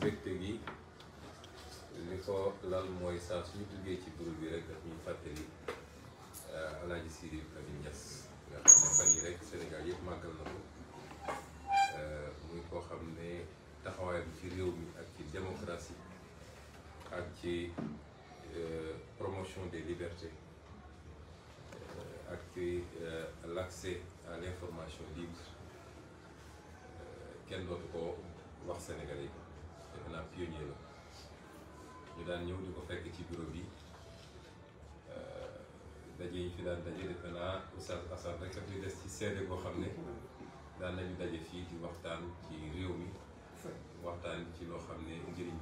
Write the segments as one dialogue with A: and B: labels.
A: mbégte gi li ko lal mooy saa suñu duggee ci groupe bi rek daf ñuy fàttali euh, Alaaji Sidi Kabi Niass nga xam ne fan yi rek Sénégal yëpp màggal na ko euh, muy koo xam ne taxawaayam ci réew mi ak ci démocratie ak ci euh, promotion des libertés ak ci l'accès à l'information libre kenn dootu ko wax Sénégalais yi fekk naa pionnier ñu daan ñëw di ko fekk ci bureau bi euh, daje yi fi daan daje defe naa oustaz rek ak li des ci seede boo xam ne daan nañu daje fii di waxtaan ci réew mi waxtaan ci loo xam ne njëriñ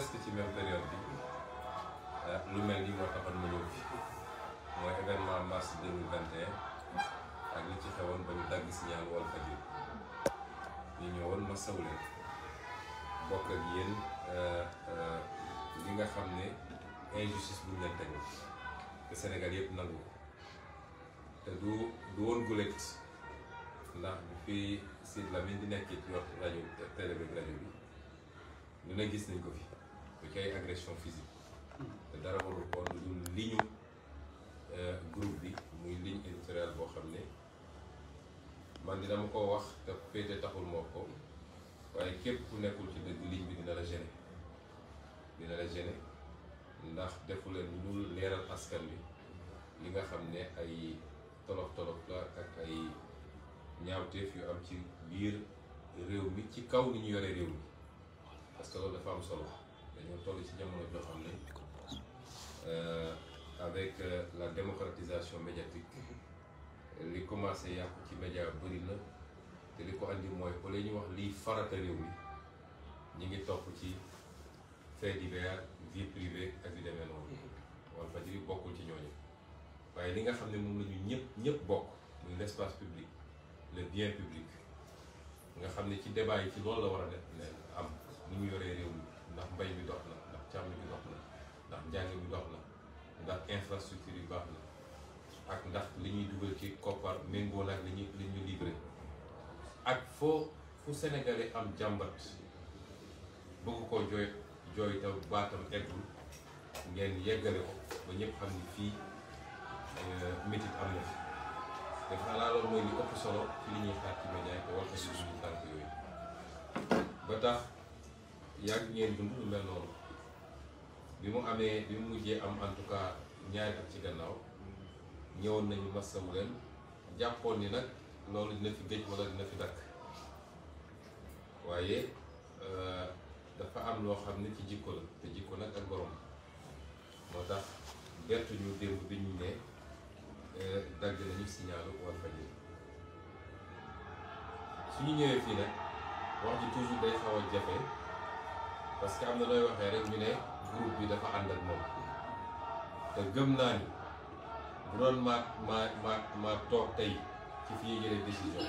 A: ci même euh, lu mel ni moo taxoon ma ñëw fi mooy événement mars 2021 ak li ci xewoon ba ñu dagg signal Walfadjri ñu ñëwoon ma saw leen bokk euh, euh, li nga xam ni injustice bu ñu leen teg te Sénégal yëpp nangu te du du woon gulet ndax bu fi Sidy Lamine di nekk ci wax rajo télé bi rajo bi ñu ne gis nañ ko fi da ci ay agression physique te dara warul koon luñ euh, groupe bi muy ligne éditoriale boo xam ne man ni dama ko wax te féete taxul moo ko waaye képp ku nekkul ci dëgg ligne bi dina la gêner dina la gêner ndax defu leen lu leeral askan bi li nga xam ne ay tolof tolof la ak ay ñaawteef yu am ci biir réew mi ci kaw ni ñu yore réew mi parce que dafa am solo dañoo toll ci jamono joo xam ne euh, avec euh, la démocratisation médiatique mhm. li commencé yàqu ci média bëri na te li ko andi mooy au lieu ñu wax lii farata réew mi ñu ngi topp ci fait divers vie privée ak yu demee noonu mhm. Walfadjri ci ñooñu waaye li nga xam ne moom lañu ñëpp ñëpp bokk muy l' espace public le bien public nga xam ne ci débat yi ci loolu la war a def ne am nu ñu yoree réew mi ndax mbay mi dox na ndax càmm bi dox na ndax njàng bi dox na ndax infrastructure yi baax na ak ndax li ñuy dugal ci koppar méngoo nag li ñuy li ñu livré ak foo fu sénégalais am jàmbat bëgg koo jooy jooy baatam eggul ngeen yeggale ko ba ñëpp xam ni fii euh, métit am na fi dafa loolu mooy li ëpp solo ci li ñuy xaar ci média yi te war ko suñu tànk yooyu ba tax yàgg ngeen dund lu mel bi mu amee bi mu mujjee am en tout cas ñaari at ci gannaaw ñëwoon nañu masawu leen jàppoon ni nag loolu dina fi géej wala dina fi dakk waaye euh, dafa am loo xam ne ci jikko la te jikko nag ak boroom moo tax bertu ñu démb bi ñu ne euh, dagg nañu signalu Walfadjri su ñu ñëwee fii nag wax ji toujours day xaw a jafe. parce que am na looy waxee rek ñu ne groupe bi dafa ànd ak moom te gëm naa ni bu doon maa maa maa maa toog tey ci fii jëlee décision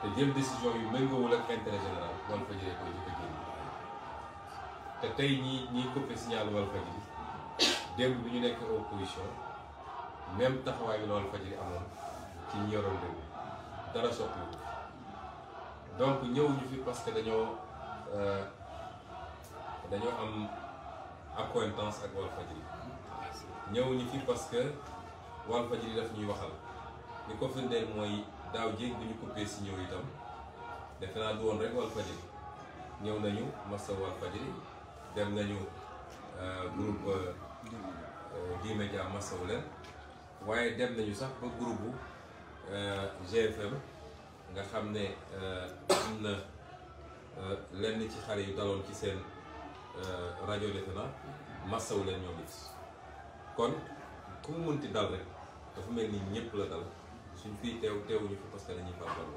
A: te jël décision yu méngoowul ak intérêt général Walfadjri koy jëkk a te tey ñii ñii coppe signal Walfadjri démb bi ñu nekk opposition même taxawaay bi la Walfadjri amoon ci ñi yoroon dara soppi donc ñëw ñu fi parce que dañoo euh, dañoo am accointance ak Walfadjri ñëw ñu fi parce que Walfadjri daf ñuy waxal li ko firndeel mooy daaw jéeg bi ñu coupé si ñëw itam defe naa du woon rek Walfadjri ñëw nañu massa Walfadjri dem nañu euh, groupe D-Media euh, massawu leen waaye dem nañu sax ba groupe euh, GFM nga xam ne am na lenn ci xale yu daloon ci seen Euh, rajo defe na massawu leen ñoom it kon ku mu munti dal rek dafa mel ni ñëpp la dal suñ fii teew teewuñu fi parce que dañuy fàttaloo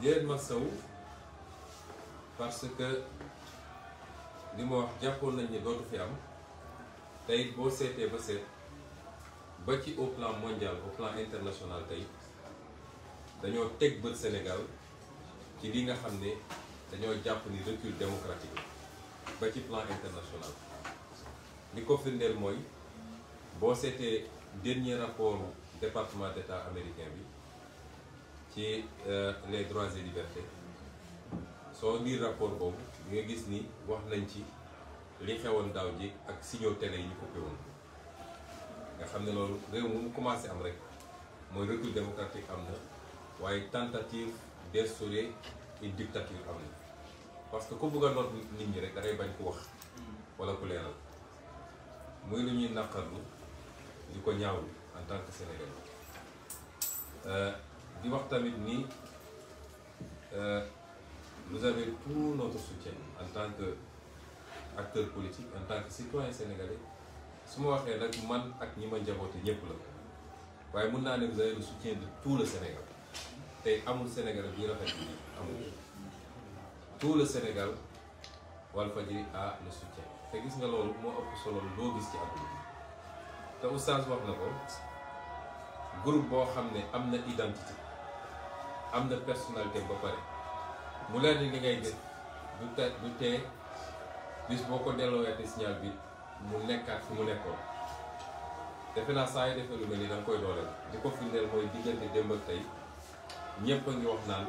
A: leen euh, massawu parce que li ma wax jàppoon nañ ni dootu fi am tey boo seetee ba seet ba ci au plan mondial au plan international tey dañoo teg bët Sénégal ci li nga xam ne dañoo jàpp ni recul démocratique la ba ci plan international li ko firndeel mooy boo seetee dernier rapport département d'état américain bi ci euh, les droits et libertés soo liir rapport boobu di nga gis ni wax nañ ci li xewoon daaw ji ak signaux télé yi ñu coupé nga xam ne loolu réew mu mu commencé am rek mooy recul démocratique am na waaye tentative d'instaurer une dictature am na parce que ku bëgg a noot nit ñi rek da bañ ku wax wala ku leeral muy lu ñuy naqarlu di ko ñaawlu en tant que sénégalais euh, di wax tamit ni vous euh, avez tout notre soutien en tant que acteur politique en tant que citoyen sénégalais su ma waxee nag man ak ñi ma njaboote ñëpp la waaye mun naa ne vous avez le soutien de tout le Sénégal. tey amul Sénégal bi rafet bi amul tout le Sénégal Walfadjri a le soutien te gis nga loolu moo ëpp solo loo gis ci àdduna te oustaz wax na ko groupe boo xam ne am na identité am na personnalité ba pare mu leer ni li ngay def du te du tee bis boo ko delloowee signal bi mu nekkaat fi mu nekkoon defe naa saa yi defee lu mel ni da koy dooleel di ko firndeel mooy diggante démb ak tey ñëpp a ngi wax naan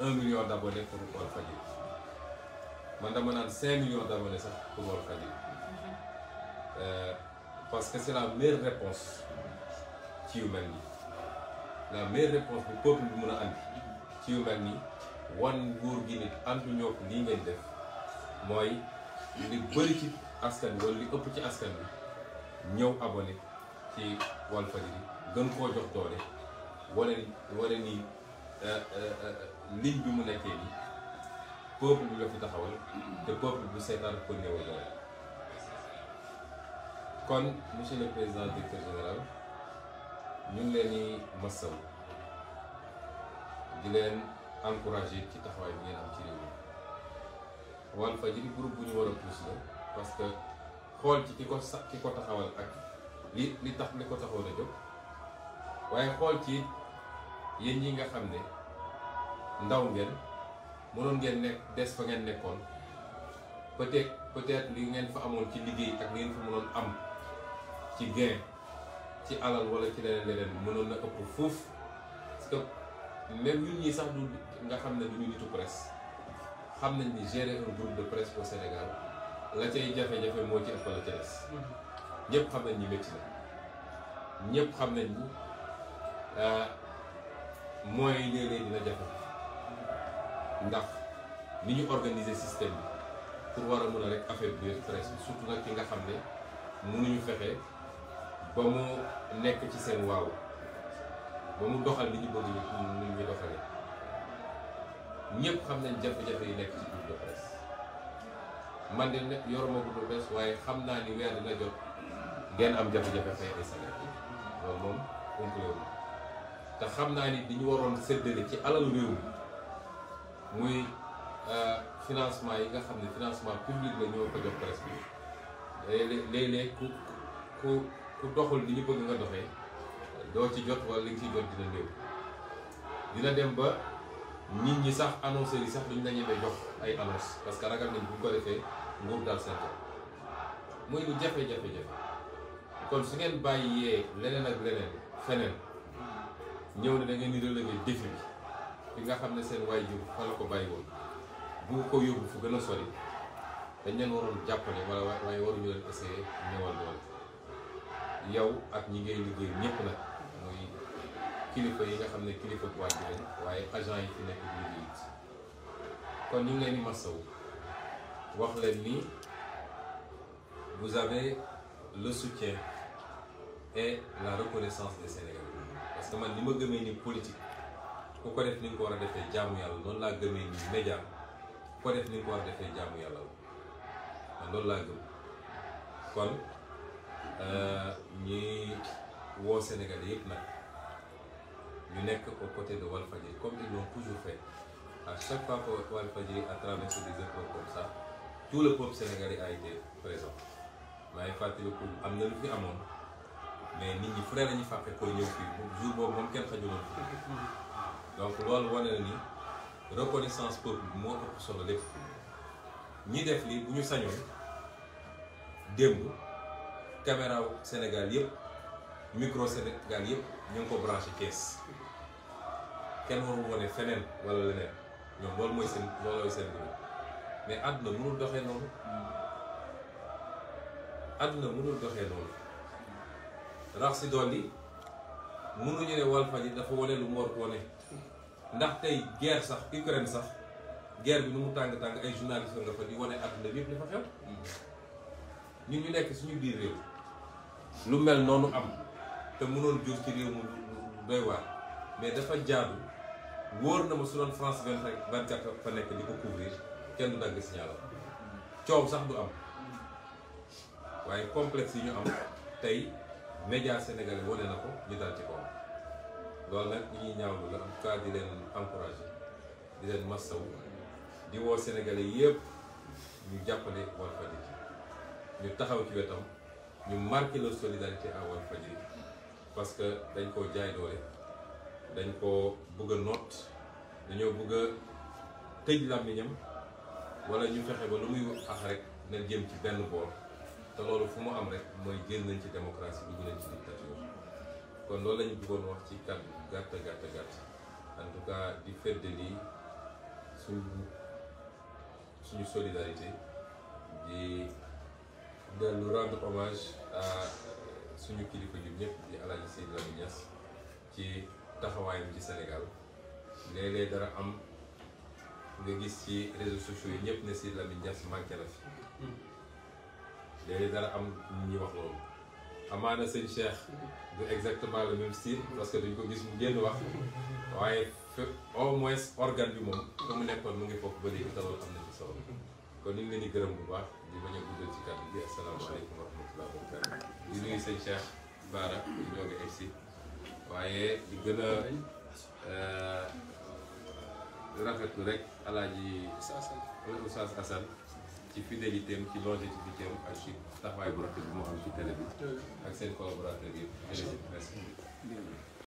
A: un million d'abonnés pour Walfadjri man dama naan cinq millions d'abonnés sax pour Walfadjri euh, parce que c'est la meilleure réponse ci yu nii la meilleure réponse bu peuple bi mën a andi ci yu nii wan nguur gi nit antu lii ngeen def mooy li bëri ci askan wala li ëpp ci askan bi ñëw abonné ci Walfadjri gën koo jox doole wane nii Euh, euh, euh, ligne bi mu nekkee nii peuple bi la fi taxawal te peuple bu seetaan ko néewal doole kon monsieur le président directeur général ñu ngi leen di masaw di leen encouragé ci taxawaay bi ngeen am ci réew mi Walfadjri groupe bu ñu war a la parce que xool ci ki ko sax ki ko taxawal ak li li tax li ko taxawal a jóg waaye xool ci yéen ñi nga xam ne ndaw ngeen mënoon ngeen nekk des fa ngeen nekkoon peut-être peut-être li ngeen fa amoon ci liggéey ak li ngeen fa mënoon am ci gain ci alal wala ci leneen leneen mënoon na ëpp fuuf parce que même ñun ñi sax du nga xam ne du ñu nitu presse xam nañ ni gérer un de presse au Sénégal la cay jafe-jafe moo ci ëpp la ca des mhm. ñëpp xam nañ ñi métti na ñëpp xam nañ ni moyens yi nee ne dina jafe ndax ni ñu organiser système bi pour war a mën a rek affaire bi presse bi surtout nag ki nga xam ne mënuñu fexe ba mu nekk ci seen waaw ba mu doxal li ñu bëgg ñu ñu doxalee ñëpp xam nañ jafe-jafe yi nekk ci groupe de presse man de nag yoruma groupe de waaye xam naa ni weer dina jot ngeen am jafe-jafe fay ay salaire loolu moom compléwu te xam naa ni li ñu waroon séddale ci alal réew muy euh, financement yi nga xam ne financement public lañu ñoo ko jox presse bi léeg-léeg ku ku ku doxul li ñu bëgg nga doxee doo ci jot wala li nga ci jot dina néew dina dem ba nit ñi sax annonceurs yi sax duñ la ñemee jox ay annonce parce que ragal nañ bu ko defee nguur daal seen muy lu jafe-jafe-jafe kon su ngeen bàyyee leneen ak leneen feneen ñëw ne da ngeen di relever défi bi bi nga xam ne seen waajur fa la ko bàyyi woon bu ko yóbbu fu gën a sori dañ leen waroon jàppale wala waaye waruñu leen essayer ñëwal doole yow ak ñi ngay liggéey ñëpp nag muy kilifa yi nga xam ne kilifa waajur lañ waaye agent yi fi nekk di liggéey kon ñu ngi leen di masawu wax leen ni vous avez le soutien et la reconnaissance des Sénégalais parce que man li ma gëmee ni politique ku ko def ni ko war a defee jaamu yàlla noonu laa gëmee ni média ku ko def ni ko war a defee jaamu yàlla loolu laa gëm kon euh, ñuy woo Sénégalais yëpp nag ñu nekk au côté de Walfadjri comme ils l'ont toujours fait à chaque fois que Walfadjri a traversé des épreuves comme ça tout le peuple sénégalais a été présent maay fàttaliku am na lu fi amoon mais nit ñi fu ne lañu fàtte koy ñëw fii jour boobu moom kenn xajuloon donc loolu wane na ni reconnaissance peuple bi moo ëpp solo lépp ñi def lii bu ñu sañoon démb caméra Sénégal yëpp micro Sénégal yëpp ñu ngi ko branché kees kenn waru wane feneen wala leneen ñoom loolu mooy seen loolooy seen bopp mais àdduna mënul doxee noonu àdduna mënul doxee noonu. rax si dolli mënuñu ne yi dafa wane lu mor ko ne ndax tey guerre sax Ukraine sax guerre bi nu mu tàng tàng ay journaliste nga fa di wane àdduna bi yëpp dafa xew ñun ñu nekk suñu biir réew lu mel noonu am te mënoon jur ci réew mu doy waar mais dafa jaadu wóor na ma su doon France vingt quatre fa nekk di ko couvrir kenn dagg signalam coow sax du am waaye complexe yi ñu am tey média sénégalais wane na ko ñu dal ci nag li ñuy ñaawlu la en di leen encouragé di leen massawu di woo sénégalais yëpp ñu jàppale Walfadjri ñu taxaw ci wetam ñu marqué la solidarité à Walfadjri parce que dañ koo jaay doole dañ koo bëgg a noot dañoo bëgg a tëj làmmiñam wala ñu fexe ba lu muy wax rek na jëm ci benn boor te fu mu am rek mooy génn nañ ci démocratie dugg nañ ci dictature kon loolu lañu bëggoon wax ci kàddu gàtt gàtt gàtt en tout cas di feddali suñu suñu solidarité di dellu rendre hommage à suñu kilifa yu ñëpp di El Hadj Seydou ci taxawaayam ci Sénégal léeg dara am nga gis ci réseaux sociaux yi ñëpp ne si Lamine Niass manqué fi. léegi dara am ñuy wax loolu amaana sëñ Cheikh du exactement le même style parce que dañ ko gis mu génn wax waaye au moins organe bi moom fa mu nekkoon mu ngi foofu ba léegi te loolu am na ci solo kon ñu ngi leen di gërëm bu baax di bañ a guddal ci kàddu gi asalaamaaleykum wa rahmatulah wa barakatu di nuyu sëñ Cheikh Baara di ñoo ngi egsi waaye di gën a euh, rafetlu rek alaaji Oustaz ci fidélité am ci longévité am ak ci taxawaay bu rafet bi mu am ci télé bi ak seen collaborateur yëpp merci